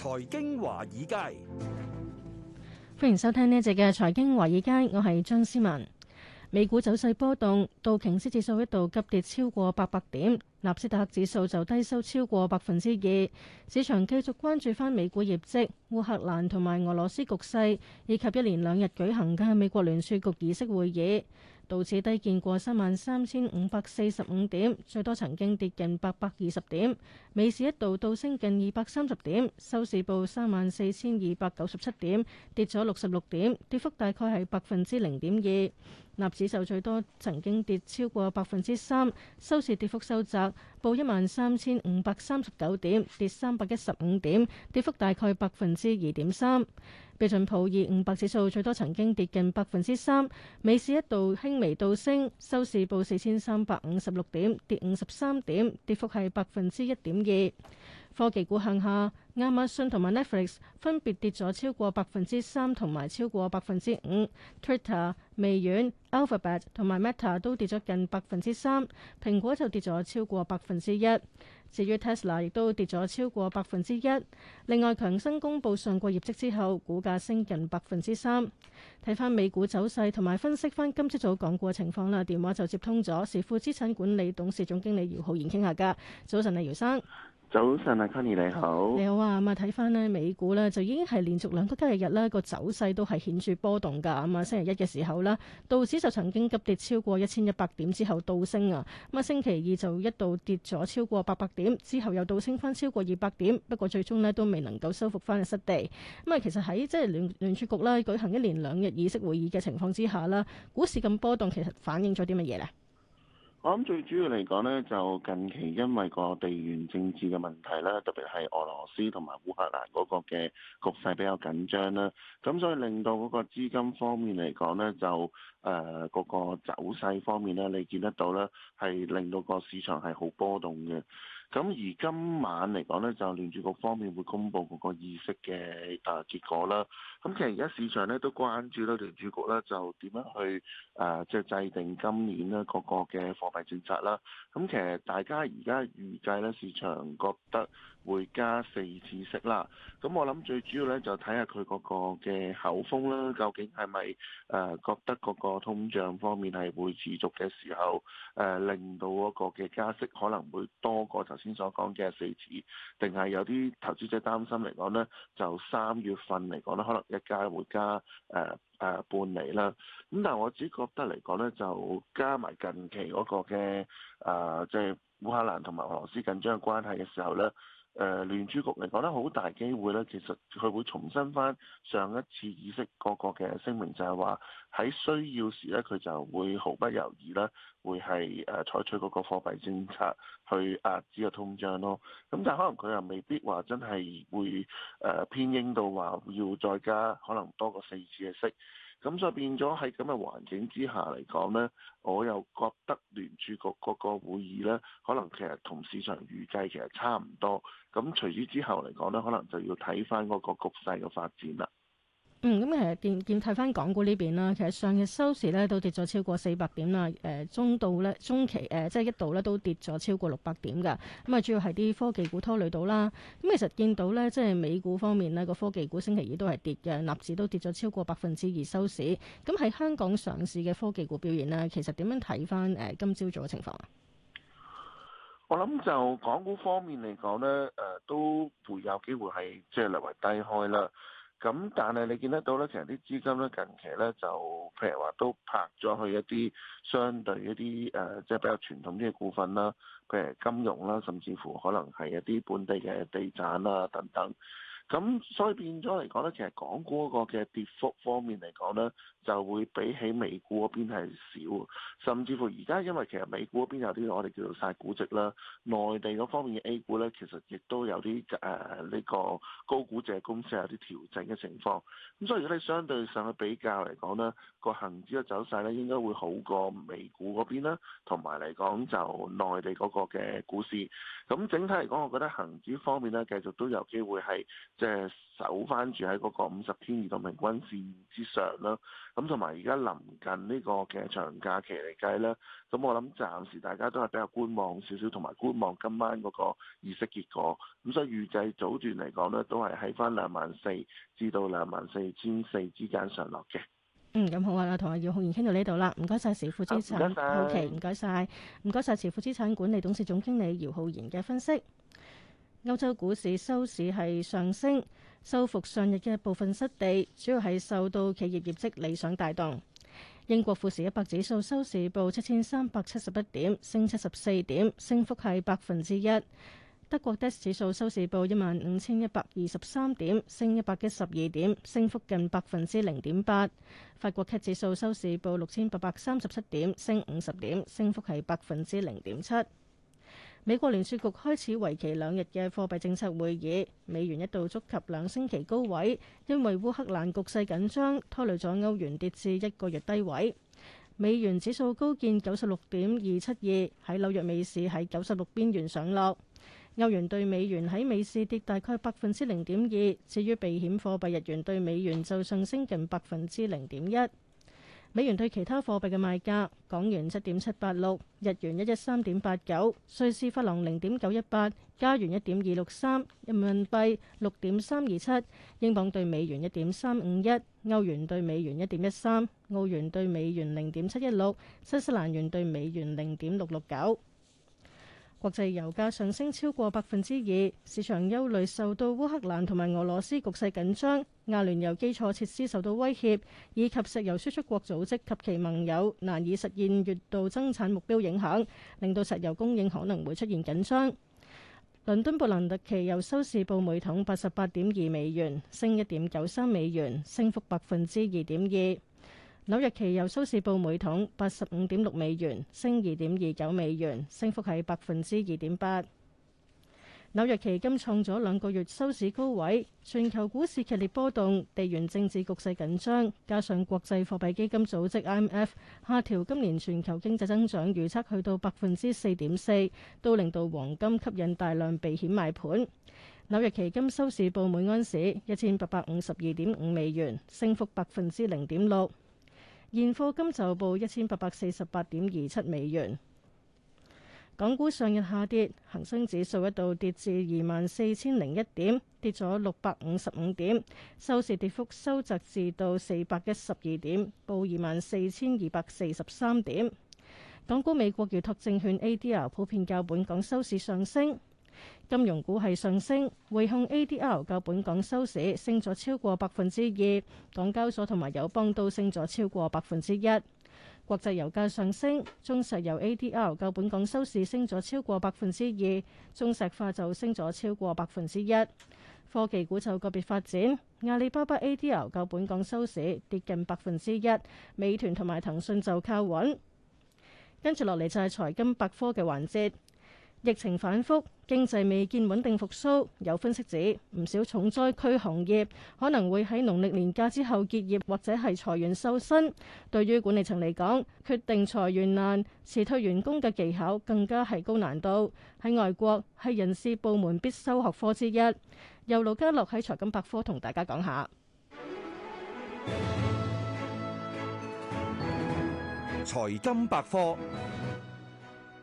財經華爾街。歡迎收聽呢一節嘅財經華爾街，我係張思文。美股走勢波動，道瓊斯指數一度急跌超過八百點，納斯達克指數就低收超過百分之二。市場繼續關注翻美股業績、烏克蘭同埋俄羅斯局勢，以及一連兩日舉行嘅美國聯儲局議息會議。道指低見過三萬三千五百四十五點，最多曾經跌近八百二十點。美市一度倒升近二百三十點，收市報三萬四千二百九十七點，跌咗六十六點，跌幅大概係百分之零點二。納指就最多曾經跌超過百分之三，收市跌幅收窄。報一萬三千五百三十九點，跌三百一十五點，跌幅大概百分之二點三。標準普爾五百指數最多曾經跌近百分之三。美市一度輕微倒升，收市報四千三百五十六點，跌五十三點，跌幅係百分之一點二。科技股向下，亞馬遜同埋 Netflix 分別跌咗超過百分之三同埋超過百分之五。Twitter 微軟、Alphabet 同埋 Meta 都跌咗近百分之三，蘋果就跌咗超過百分之一，至於 Tesla 亦都跌咗超過百分之一。另外，強生公布上季業績之後，股價升近百分之三。睇翻美股走勢同埋分析翻今朝早講過嘅情況啦。電話就接通咗，時富資產管理董事總經理姚浩然傾下噶。早晨啊，姚生。早晨啊 Connie 你好，好。你好啊，咁啊睇翻呢美股呢，就已經係連續兩個交易日呢個走勢都係顯著波動噶。咁啊，星期一嘅時候咧，道指就曾經急跌超過一千一百點之後倒升啊。咁啊，星期二就一度跌咗超過八百點，之後又倒升翻超過二百點，不過最終呢都未能夠收復翻嘅失地。咁啊，其實喺即係聯聯儲局咧舉行一連兩日議息會議嘅情況之下啦，股市咁波動，其實反映咗啲乜嘢呢？我諗最主要嚟講呢，就近期因為個地緣政治嘅問題啦，特別係俄羅斯同埋烏克蘭嗰個嘅局勢比較緊張啦，咁所以令到嗰個資金方面嚟講呢，就誒嗰個走勢方面呢，你見得到咧，係令到個市場係好波動嘅。咁而今晚嚟講呢，就聯儲局方面會公布個議息嘅誒結果啦。咁、嗯、其實而家市場咧都關注到聯儲局咧就點樣去誒即係制定今年咧嗰個嘅貨幣政策啦。咁、嗯、其實大家而家預計咧，市場覺得會加四次息啦。咁、嗯、我諗最主要咧就睇下佢嗰個嘅口風啦，究竟係咪誒覺得嗰個通脹方面係會持續嘅時候誒、呃、令到嗰個嘅加息可能會多過頭。先所講嘅四次，定係有啲投資者擔心嚟講咧，就三月份嚟講咧，可能一家會加誒誒、呃呃、半釐啦。咁但係我只覺得嚟講咧，就加埋近期嗰個嘅誒，即、呃、係。就是烏克蘭同埋俄羅斯緊張嘅關係嘅時候咧，誒、呃、聯儲局嚟講咧，好大機會咧，其實佢會重申翻上一次議息嗰個嘅聲明就，就係話喺需要時咧，佢就會毫不猶豫咧，會係誒、呃、採取嗰個貨幣政策去壓止個通脹咯。咁、嗯、但係可能佢又未必話真係會誒、呃、偏硬到話要再加可能多過四次嘅息。咁就變咗喺咁嘅環境之下嚟講呢，我又覺得聯儲局個會議呢，可能其實同市場預計其實差唔多。咁隨之之後嚟講呢，可能就要睇翻嗰個局勢嘅發展啦。嗯，咁其實見見睇翻港股呢邊啦，其實上日收市咧都跌咗超過四百點啦，誒、呃、中度、咧中期誒、呃、即係一度咧都跌咗超過六百點嘅，咁、嗯、啊主要係啲科技股拖累到啦。咁、嗯、其實見到咧即係美股方面呢個科技股星期二都係跌嘅，納指都跌咗超過百分之二收市。咁、嗯、喺香港上市嘅科技股表現呢，其實點樣睇翻誒今朝早嘅情況啊？我諗就港股方面嚟講呢，誒、呃、都會有機會係即係略為低開啦。咁但係你見得到咧，其實啲資金咧近期咧就，譬如話都拍咗去一啲相對一啲誒，即係比較傳統啲嘅股份啦，譬如金融啦，甚至乎可能係一啲本地嘅地產啦等等。咁所以變咗嚟講咧，其實港股嗰個嘅跌幅方面嚟講咧，就會比起美股嗰邊係少，甚至乎而家因為其實美股嗰邊有啲我哋叫做晒估值啦，內地嗰方面嘅 A 股咧，其實亦都有啲誒呢個高估值嘅公司有啲調整嘅情況。咁所以如果你相對上去比較嚟講呢，個恆指嘅走勢咧應該會好過美股嗰邊啦，同埋嚟講就內地嗰個嘅股市。咁整體嚟講，我覺得恆指方面咧繼續都有機會係。即係守翻住喺嗰個五十天移動平均線之上啦，咁同埋而家臨近呢個嘅長假期嚟計啦，咁我諗暫時大家都係比較觀望少少，同埋觀望今晚嗰個議息結果，咁所以預計早段嚟講呢，都係喺翻兩萬四至到兩萬四千四之間上落嘅。嗯，咁好啊，同阿姚浩然傾到呢度啦，唔該晒。時富資產，唔該唔該曬，唔該曬時富資產管理董事總經理姚浩然嘅分析。歐洲股市收市係上升，收復上日嘅部分失地，主要係受到企業業績理想帶動。英國富時一百指數收市報七千三百七十一點，升七十四點，升幅係百分之一。德國 DAX 指數收市報一萬五千一百二十三點，升一百一十二點，升幅近百分之零點八。法國 CAC 指數收市報六千八百三十七點，升五十點，升幅係百分之零點七。美國聯儲局開始為期兩日嘅貨幣政策會議，美元一度觸及兩星期高位，因為烏克蘭局勢緊張拖累咗歐元跌至一個月低位。美元指數高見九十六點二七二，喺紐約美市喺九十六邊緣上落。歐元對美元喺美市跌大概百分之零點二，至於避險貨幣日元對美元就上升近百分之零點一。美元對其他貨幣嘅賣價：港元七點七八六，日元一一三點八九，瑞士法郎零點九一八，加元一點二六三，人民幣六點三二七，英鎊對美元一點三五一，歐元對美元一點一三，澳元對美元零點七一六，新西蘭元對美元零點六六九。國際油價上升超過百分之二，市場憂慮受到烏克蘭同埋俄羅斯局勢緊張、亞聯油基礎設施受到威脅，以及石油輸出國組織及其盟友難以實現月度增產目標影響，令到石油供應可能會出現緊張。倫敦布蘭特期油收市報每桶八十八點二美元，升一點九三美元，升幅百分之二點二。紐約期油收市報每桶八十五點六美元，升二點二九美元，升幅係百分之二點八。紐約期金創咗兩個月收市高位。全球股市劇烈波動，地緣政治局勢緊張，加上國際貨幣基金組織 IMF 下調今年全球經濟增長預測，去到百分之四點四，都令到黃金吸引大量避險買盤。紐約期金收市報每安士一千八百五十二點五美元，升幅百分之零點六。現貨金就報一千八百四十八點二七美元。港股上日下跌，恒生指數一度跌至二萬四千零一點，跌咗六百五十五點，收市跌幅收窄至到四百一十二點，報二萬四千二百四十三點。港股美國預託證券 ADR 普遍較本港收市上升。金融股係上升，匯控 ADR 較本港收市升咗超過百分之二，港交所同埋友邦都升咗超過百分之一。國際油價上升，中石油 ADR 較本港收市升咗超過百分之二，中石化就升咗超過百分之一。科技股就個別發展，阿里巴巴 ADR 較本港收市跌近百分之一，美團同埋騰訊就靠穩。跟住落嚟就係財金百科嘅環節。疫情反復，經濟未見穩定復甦。有分析指，唔少重災區行業可能會喺農曆年假之後結業，或者係裁員瘦身。對於管理層嚟講，決定裁員難，辭退員工嘅技巧更加係高難度。喺外國係人事部門必修學科之一。由盧家樂喺財金百科同大家講下。財金百科。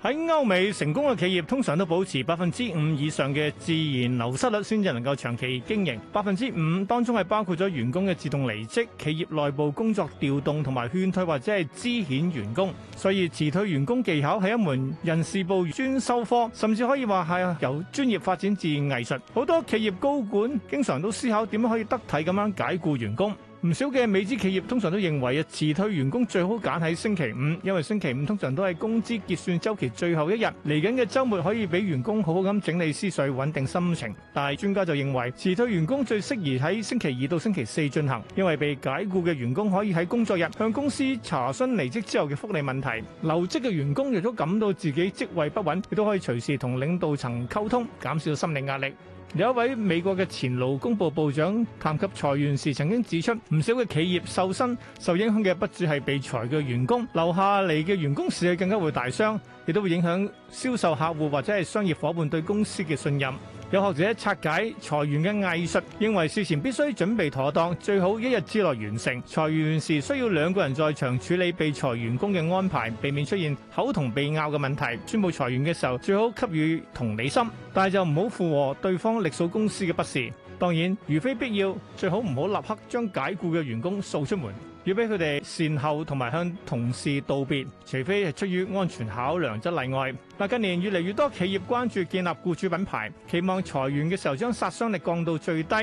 喺歐美成功嘅企業通常都保持百分之五以上嘅自然流失率，先至能夠長期經營。百分之五當中係包括咗員工嘅自動離職、企業內部工作調動同埋勸退或者係資遣員工。所以辭退員工技巧係一門人事部專修科，甚至可以話係由專業發展自然藝術。好多企業高管經常都思考點樣可以得體咁樣解雇員工。唔少嘅美資企業通常都認為啊，辭退員工最好揀喺星期五，因為星期五通常都係工資結算周期最後一日，嚟緊嘅周末可以俾員工好好咁整理思緒，穩定心情。但係專家就認為，辭退員工最適宜喺星期二到星期四進行，因為被解僱嘅員工可以喺工作日向公司查詢離職之後嘅福利問題，留職嘅員工若都感到自己職位不穩，亦都可以隨時同領導層溝通，減少心理壓力。有一位美國嘅前勞工部部長談及裁員時，曾經指出唔少嘅企業瘦身受影響嘅，不止係被裁嘅員工，留下嚟嘅員工士氣更加會大傷，亦都會影響銷售客戶或者係商業伙伴對公司嘅信任。有學者拆解裁員嘅藝術，認為事前必須準備妥當，最好一日之內完成。裁員時需要兩個人在場處理被裁員工嘅安排，避免出現口同鼻拗嘅問題。宣布裁員嘅時候，最好給予同理心，但係就唔好附和對方力數公司嘅不是。當然，如非必要，最好唔好立刻將解雇嘅員工掃出門。要俾佢哋善後，同埋向同事道別，除非係出於安全考量則例外。嗱，近年越嚟越多企業關注建立雇主品牌，期望裁員嘅時候將殺傷力降到最低。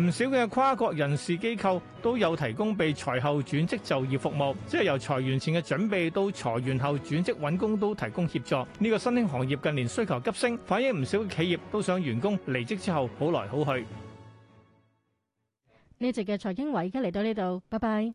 唔少嘅跨國人事機構都有提供被裁後轉職就業服務，即係由裁員前嘅準備到裁員後轉職揾工都提供協助。呢個新興行業近年需求急升，反映唔少企業都想員工離職之後好來好去。呢集嘅財經華爾街而家嚟到呢度，拜拜。